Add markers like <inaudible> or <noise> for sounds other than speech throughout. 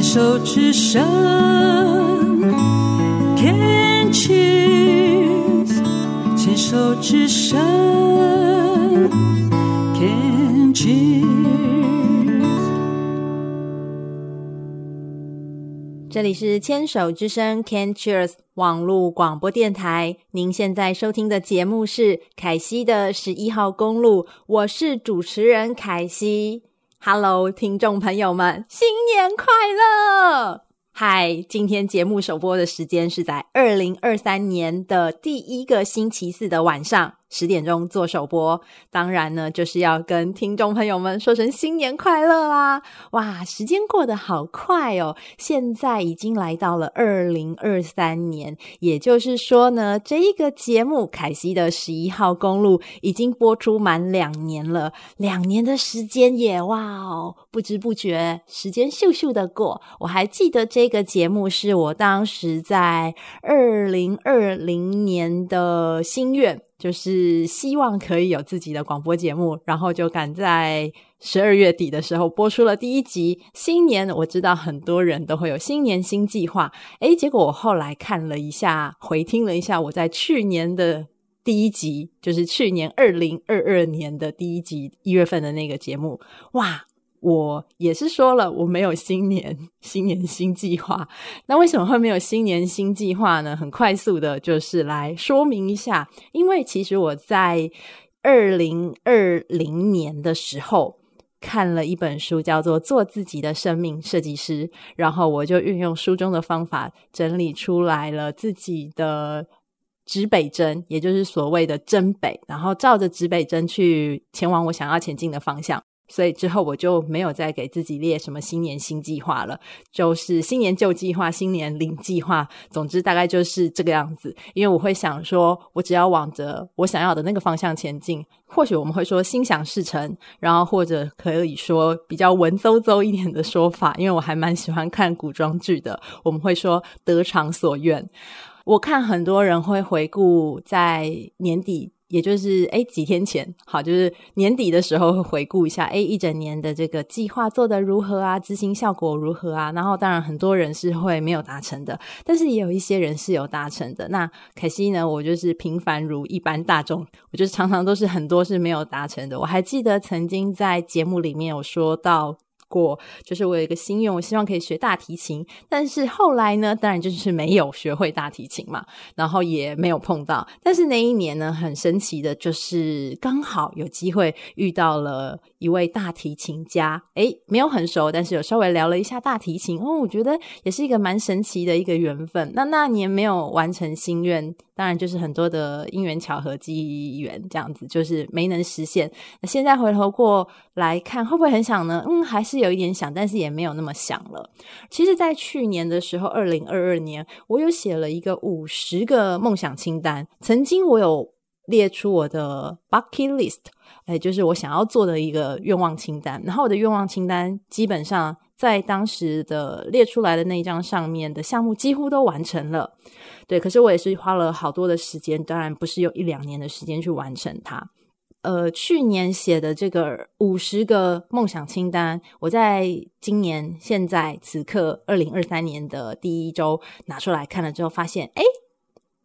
牽手之聲，Can Cheers。牽手之聲，Can Cheers。這裡是牽手之聲 Can Cheers 網絡廣播電台，您現在收聽的節目是凱西的十一號公路，我是主持人凱西。哈嘍，Hello, 聽眾朋友們，新年快樂！嗨，Hi, 今天節目首播的時間是在二零二三年的第一個星期四的晚上。十點鐘做首播，當然呢，就是要跟聽眾朋友們說聲新年快樂啦！哇，時間過得好快哦，現在已經來到了二零二三年，也就是說呢，這一個節目《凱西的十一號公路》已經播出滿兩年了。兩年的時間也哇哦，不知不覺時間咻咻的過。我還記得這個節目是我當時在二零二零年的心願。就是希望可以有自己的廣播節目，然後就趕在十二月底的時候播出了第一集。新年我知道很多人都會有新年新計劃。哎，結果我後來看了一下，回聽了一下我在去年的第一集，就是去年二零二二年的第一集，一月份的那個節目，哇！我也是說了，我沒有新年新年新計劃。那為什麼會沒有新年新計劃呢？很快速的，就是來說明一下，因為其實我在二零二零年的時候看了一本書，叫做《做自己的生命設計師》，然後我就運用書中的方法整理出來了自己的指北針，也就是所謂的真北，然後照着指北針去前往我想要前進的方向。所以之後我就沒有再給自己列什麼新年新計劃了，就是新年舊計劃、新年零計劃，總之大概就是這個樣子。因為我會想說，我只要往着我想要的那個方向前進。或許我們會說心想事成，然後或者可以說比較文縐縐一點的說法，因為我還蠻喜歡看古裝劇的。我們會說得償所願。我看很多人會回顧在年底。也就是哎，幾天前，好，就是年底的時候回顧一下，哎，一整年的這個計劃做得如何啊？執行效果如何啊？然後當然很多人是會沒有達成的，但是也有一些人是有達成的。那可惜呢，我就是平凡如一般大眾，我就是常常都是很多是沒有達成的。我還記得曾經在節目裡面有說到。過就是我有一個心願，我希望可以學大提琴，但是後來呢，當然就是沒有學會大提琴嘛，然後也沒有碰到。但是那一年呢，很神奇的就是剛好有機會遇到了一位大提琴家，誒，沒有很熟，但是有稍微聊了一下大提琴，哦，我覺得也是一個蠻神奇的一個緣分。那那年沒有完成心願。當然，就是很多的因緣巧合機緣，這樣子就是沒能實現。那現在回頭過來看，會不會很想呢？嗯，還是有一點想，但是也沒有那麼想了。其實，在去年的時候，二零二二年，我有寫了一個五十個夢想清單。曾經，我有列出我的 bucket list，哎，就是我想要做的一個願望清單。然後，我的願望清單基本上，在當時的列出來的那一張上面的項目幾乎都完成了，對。可是我也是花了好多的時間，當然不是用一兩年的時間去完成它。呃，去年寫的這個五十個夢想清單，我在今年現在此刻二零二三年的第一周拿出來看了之後，發現哎，誒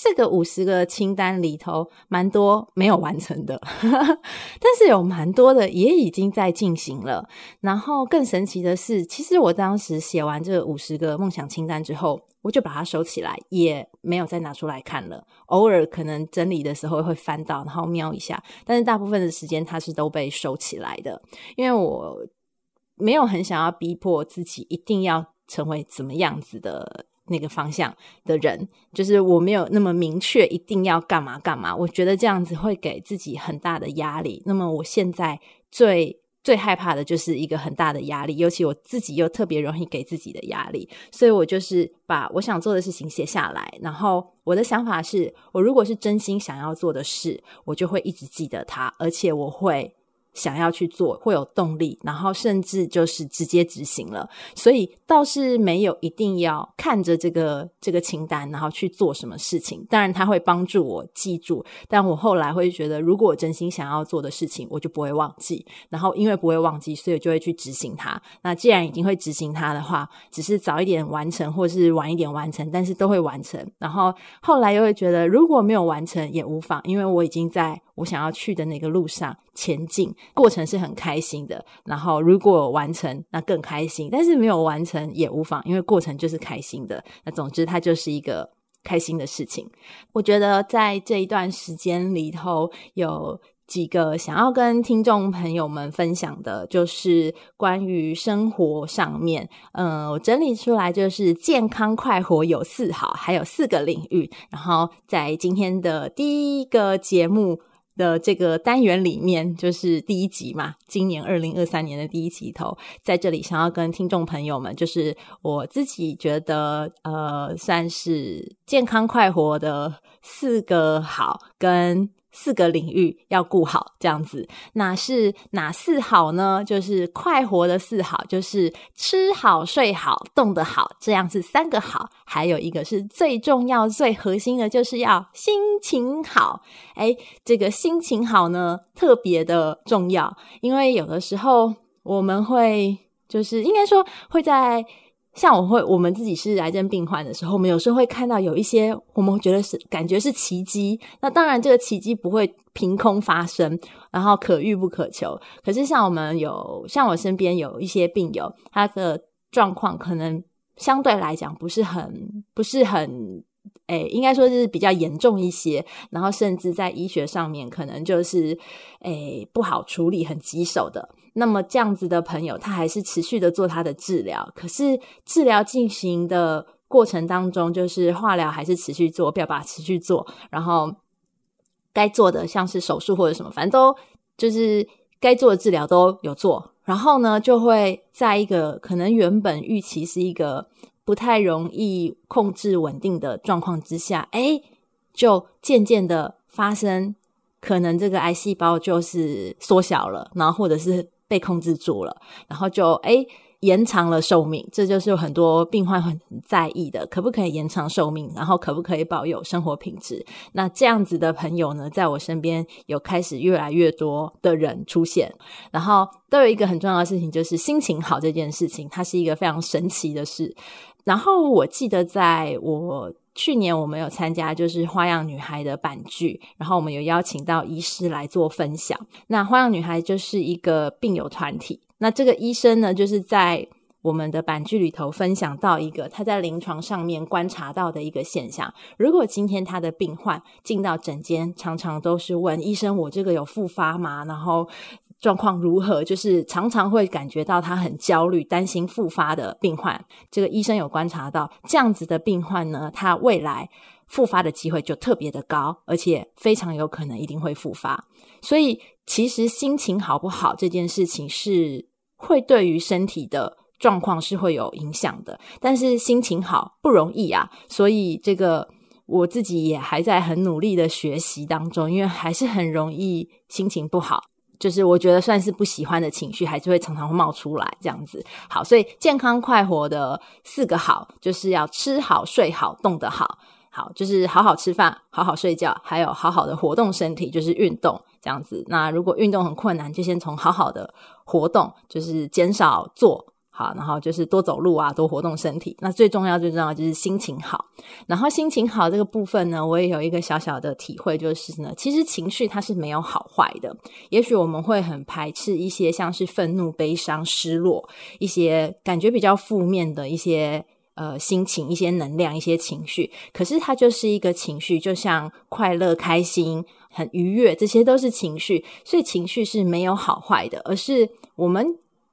這個五十個清單裡頭，蠻多沒有完成的， <laughs> 但是有蠻多的也已經在進行了。然後更神奇的是，其實我當時寫完這五十個夢想清單之後，我就把它收起來，也沒有再拿出來看了。偶爾可能整理的時候會翻到，然後瞄一下，但是大部分的時間它是都被收起來的，因為我沒有很想要逼迫自己一定要成為怎麼樣子的。那個方向的人，就是我沒有那麼明確一定要幹嘛幹嘛。我覺得這樣子會給自己很大的壓力。那麼我現在最最害怕的就是一個很大的壓力，尤其我自己又特別容易給自己的壓力，所以我就是把我想做的事情寫下來。然後我的想法是我如果是真心想要做的事，我就會一直記得它，而且我會。想要去做，會有動力，然後甚至就是直接執行了，所以倒是沒有一定要看着這個這個清單，然後去做什麼事情。當然，它會幫助我記住，但我後來會覺得，如果我真心想要做的事情，我就不會忘記。然後因為不會忘記，所以我就會去執行它。那既然已經會執行它的話，只是早一點完成或是晚一點完成，但是都會完成。然後後來又會覺得，如果沒有完成也無妨，因為我已經在我想要去的那個路上。前進過程是很開心的，然後如果有完成那更開心，但是沒有完成也無妨，因為過程就是開心的。那總之，它就是一個開心的事情。我覺得在這一段時間裡頭，有幾個想要跟聽眾朋友們分享的，就是關於生活上面，嗯、呃，我整理出來就是健康、快活有四好，還有四個領域。然後在今天的第一個節目。的這個單元裡面，就是第一集嘛，今年二零二三年的第一集頭，在這裡想要跟聽眾朋友們，就是我自己覺得，呃，算是健康快活的四個好跟。四個領域要顧好，這樣子，哪是哪四好呢？就是快活的四好，就是吃好、睡好、動得好，這樣是三個好，還有一個是最重要、最核心的，就是要心情好。誒，這個心情好呢，特別的重要，因為有的時候我們會，就是應該說會在。像我會，我們自己是癌症病患的時候，我們有時候會看到有一些，我們覺得是感覺是奇迹。那當然，這個奇迹不會憑空發生，然後可遇不可求。可是，像我們有，像我身邊有一些病友，他的狀況可能相對來講不是很不是很，誒，應該說是比較嚴重一些，然後甚至在醫學上面可能就是誒，不好處理，很棘手的。那麼這樣子的朋友，他還是持續的做他的治療。可是治療進行的過程當中，就是化療還是持續做，不要把它持續做。然後該做的像是手術或者什麼，反正都就是該做的治療都有做。然後呢，就會在一個可能原本預期是一個不太容易控制穩定的狀況之下，哎，就漸漸的發生，可能這個癌細胞就是縮小了，然後或者是。被控制住了，然後就誒延長了壽命，這就是很多病患很在意的，可不可以延長壽命？然後可不可以保有生活品質？那這樣子的朋友呢，在我身邊有開始越來越多的人出現，然後都有一個很重要的事情，就是心情好這件事情，它是一個非常神奇的事。然後我記得在我去年我們有參加，就是《花樣女孩》的版劇，然後我們有邀請到醫師來做分享。那《花樣女孩》就是一個病友團體，那這個醫生呢，就是在我們的版劇裡頭分享到一個他在臨床上面觀察到的一個現象：如果今天他的病患進到診間，常常都是問醫生：“我這個有復發嗎？”然後，狀況如何？就是常常會感覺到他很焦慮，擔心復發的病患。這個醫生有觀察到這樣子的病患呢，他未來復發的機會就特別的高，而且非常有可能一定會復發。所以，其實心情好不好這件事情是會對於身體的狀況是會有影響的。但是心情好不容易啊，所以這個我自己也還在很努力的學習當中，因為還是很容易心情不好。就是我覺得算是不喜歡的情緒，還是會常常會冒出來這樣子。好，所以健康快活的四個好，就是要吃好、睡好、動得好，好就是好好吃飯、好好睡覺，還有好好的活動身體，就是運動這樣子。那如果運動很困難，就先從好好的活動，就是減少坐。好，然後就是多走路啊，多活動身體。那最重要最重要的就是心情好。然後心情好這個部分呢，我也有一個小小的體會，就是呢，其實情緒它是沒有好壞的。也許我們會很排斥一些像是憤怒、悲傷、失落一些感覺比較負面的一些呃心情、一些能量、一些情緒。可是它就是一個情緒，就像快樂、開心、很愉悅，這些都是情緒。所以情緒是沒有好壞的，而是我們，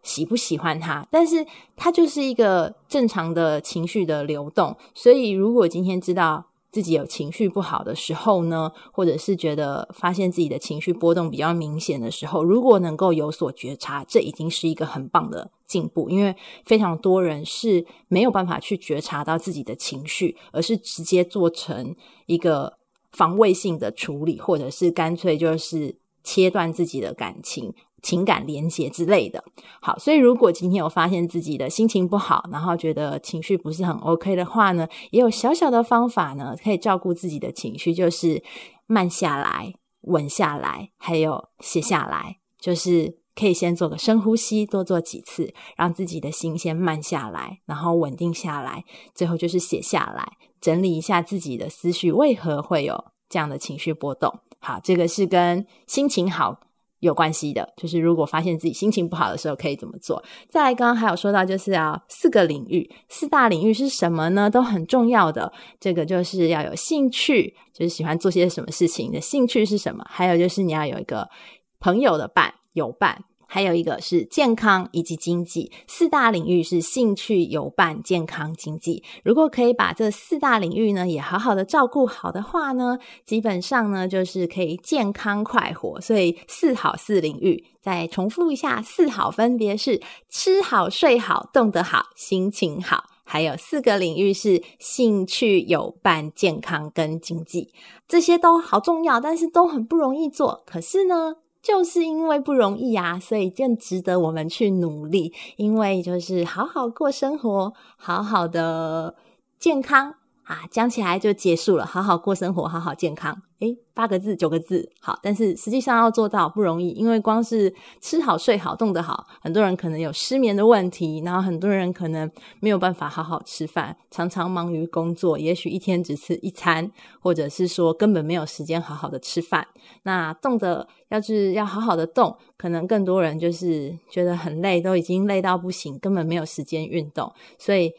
喜不喜歡他，但是他就是一個正常的情緒的流動。所以，如果今天知道自己有情緒不好的時候呢，或者是覺得發現自己的情緒波動比較明顯的時候，如果能夠有所覺察，這已經是一個很棒的進步。因為非常多人是沒有辦法去覺察到自己的情緒，而是直接做成一個防衛性的處理，或者是乾脆就是切斷自己的感情。情感連結之類的，好，所以如果今天有發現自己的心情不好，然後覺得情緒不是很 OK 的話呢，也有小小的方法呢，可以照顧自己的情緒，就是慢下來、穩下來，還有寫下來。就是可以先做個深呼吸，多做幾次，讓自己的心先慢下來，然後穩定下來，最後就是寫下來，整理一下自己的思緒，為何會有這樣的情緒波動。好，這個是跟心情好有關係的，就是如果發現自己心情不好的時候可以怎麼做？再來，剛剛還有說到，就是要四個領域，四大領域是什麼呢？都很重要的，這個就是要有興趣，就是喜歡做些什麼事情的興趣是什麼？還有就是你要有一個朋友的伴，友伴。還有一個是健康以及經濟，四大領域是興趣、有伴、健康、經濟。如果可以把這四大領域呢也好好的照顧好的話呢，基本上呢就是可以健康快活。所以四好四領域，再重複一下，四好分別是吃好、睡好、動得好、心情好。還有四個領域是興趣、有伴、健康跟經濟，這些都好重要，但是都很不容易做。可是呢？就是因為不容易啊，所以更值得我們去努力。因為就是好好過生活，好好的健康。啊，講起來就結束了。好好過生活，好好健康。誒，八個字，九個字，好。但是實際上要做到不容易，因為光是吃好、睡好、動得好，很多人可能有失眠的問題，然後很多人可能沒有辦法好好吃飯，常常忙於工作，也許一天只吃一餐，或者是說根本沒有時間好好的吃飯。那動的要是要好好的動，可能更多人就是覺得很累，都已經累到不行，根本沒有時間運動，所以。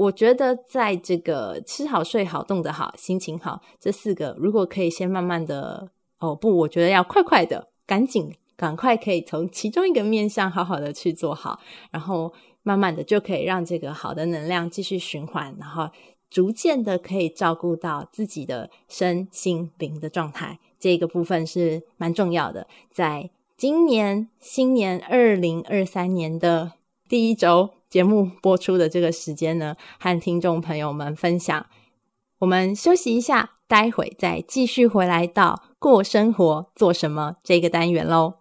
我覺得在這個吃好、睡好、動得好、心情好這四個，如果可以先慢慢的，哦，不，我覺得要快快的，趕緊，趕快可以從其中一個面向好好的去做好，然後慢慢的就可以讓這個好的能量繼續循環，然後逐漸的可以照顧到自己的身心靈的狀態，這個部分是蠻重要的。在今年，新年二零二三年的第一週，節目播出的這個時間呢，和聽眾朋友們分享。我們休息一下，待會再繼續回來到過生活做什麼這個單元嘍。